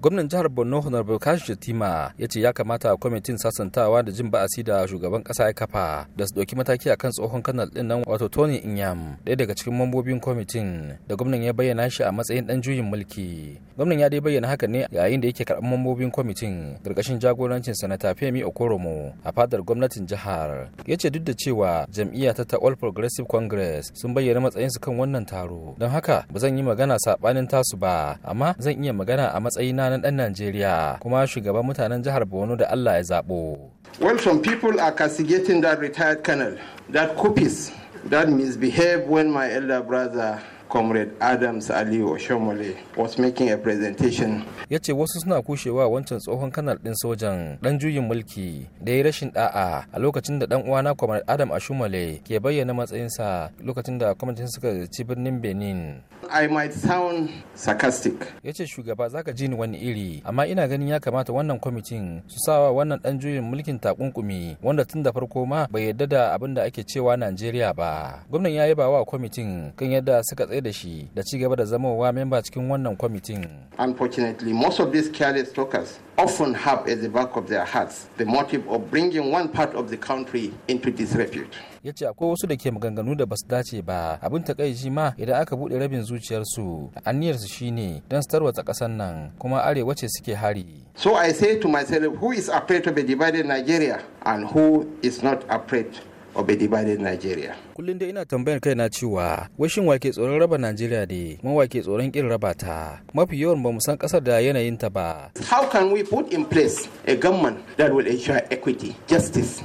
gwamnan jihar borno honar bukashi shatima ya ce ya kamata kwamitin sasantawa da jin ba'asi da shugaban kasa ya kafa da su ɗauki mataki a kan tsohon kanal ɗin nan wato tony inyam ɗaya daga cikin mambobin kwamitin da gwamnan ya bayyana shi a matsayin ɗan juyin mulki gwamnan ya dai bayyana haka ne yayin da yake karɓar mambobin kwamitin ƙarƙashin jagorancin sanata femi okoromo a fadar gwamnatin jihar ya ce duk da cewa jam'iyya ta all progressive congress sun bayyana matsayinsu kan wannan taro don haka ba zan yi magana saɓanin tasu ba amma zan iya magana a matsayina mutanen ɗan Najeriya kuma shugaban mutanen jihar Borno da Allah ya zaɓo. Well, some people are castigating that retired colonel, that copies, that misbehave when my elder brother comrade adams ali oshomole was making a presentation ya wasu suna kushewa wancan tsohon kanal ɗin sojan ɗan juyin mulki da ya rashin da'a a lokacin da ɗan uwana comrade adam ashomole ke bayyana matsayinsa lokacin da kwamitin suka ci birnin benin i might sound sarcastic ya shugaba zaka ji ni wani iri amma ina ganin ya kamata wannan kwamitin su sawa wannan ɗan juyin mulkin takunkumi wanda tun da farko ma bai yarda da abin da ake cewa najeriya ba gwamnan ya yaba wa kwamitin kan yadda suka tsaye tsaye da shi da ci gaba da zamowa memba cikin wannan kwamitin. Unfortunately, most of these careless talkers often have at the back of their hearts the motive of bringing one part of the country into disrepute. ya ce akwai wasu da ke maganganu da basu dace ba abin takaici ma idan aka buɗe rabin zuciyarsu aniyarsu shine don su tarwatsa kasar nan kuma arewa ce suke hari so i say to myself who is afraid of a divided nigeria and who is not afraid Obedi Bade Nigeria. Kullum dai ina tambayar kai na cewa washin wake tsoron raba Najeriya ne, mun wake tsoron kin raba ta. Mafi yawan ba mu san kasar da yanayin ta ba. How can we put in place a government that will ensure equity, justice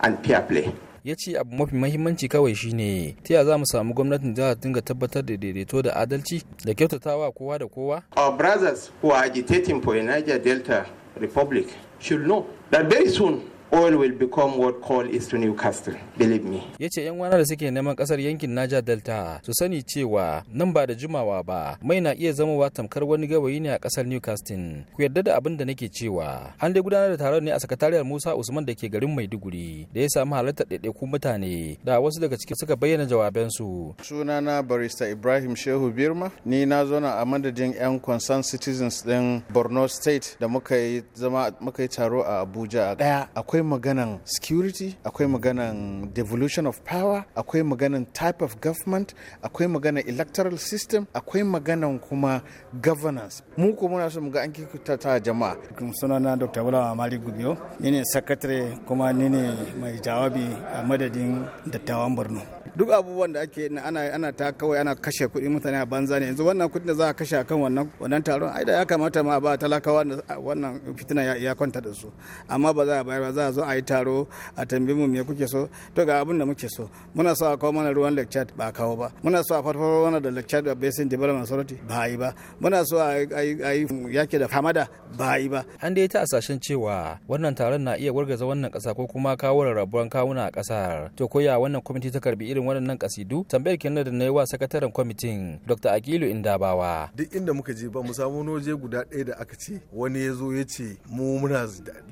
and fair play? ya ce abu mafi mahimmanci kawai shine ta ya za mu samu gwamnatin da dinga tabbatar da daidaito da adalci da kyautatawa kowa da kowa. Our brothers who are agitating for a Niger Delta Republic should know that very soon oil will become what coal is to Newcastle, believe me. Ya ce ‘yan wana da suke neman kasar yankin Niger Delta su sani cewa nan ba da jimawa ba mai na iya zama wa tamkar wani gawayi ne a kasar Newcastle. Ku yarda da abin da nake cewa. An dai gudanar da taron ne a sakatariyar Musa Usman da ke garin Maiduguri da ya samu halartar ɗaiɗaikun mutane da wasu daga cikin suka bayyana jawabansu. Sunana barista Ibrahim Shehu Birma ni na zauna a madadin 'yan Concern citizens din Borno State da muka yi zama muka yi taro a Abuja. Daya akwai maganan security akwai maganan devolution of power akwai maganan type of government akwai maganan electoral system akwai maganan kuma governance mu ko muna so mu ga an ta jama'a sunana dr bulawa mali gubiyo ni ne sakatare kuma ni ne mai jawabi a madadin dattawan borno duk abubuwan da ake ana ana ta kawai ana kashe kuɗi mutane a banza ne yanzu wannan kuɗin da za a kashe akan wannan wannan taron ai da ya kamata ma ba talakawa wannan fitina ya kwanta da su amma ba za a bayar ba za a zo a yi taro a tambayi mu me kuke so to ga abin da muke so muna so a kawo mana ruwan lake chat ba kawo ba muna so a farfaro wani da lake chat da basin development authority ba yi ba muna so a yi yake da hamada ba yi ba an dai ta asashen cewa wannan taron na iya wargaza wannan kasa ko kuma kawo rarrabuwan kawuna a kasar to koya wannan kwamiti ta karbi irin waɗannan kasidu tambayar kenan da na yi wa sakataren kwamitin dr akilu indabawa duk inda muka je ba mu samu noje guda ɗaya da aka ce wani ya zo ya ce mu muna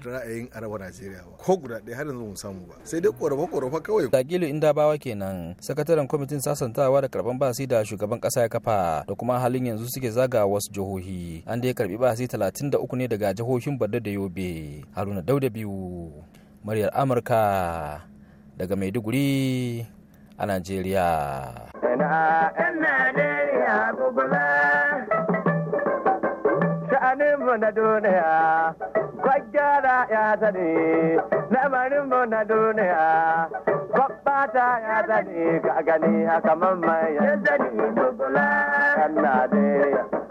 ra'ayin arewa najeriya yawa ko guda ɗaya har yanzu mun samu ba sai dai ƙorafa ƙorafa kawai dakilu inda bawa kenan sakataren kwamitin sasantawa da karban basi da shugaban ƙasa ya kafa da kuma halin yanzu suke zaga wasu jihohi an dai karɓi basi talatin da uku ne daga jihohin Borno da Yobe Haruna Dauda biyu muryar Amurka daga Maiduguri a Najeriya. Najeriya Baggyara ya sani, lamarin mu na duniya, babbata ya sani, ka gani haka mamman ya sani, dubula. Kanna dai.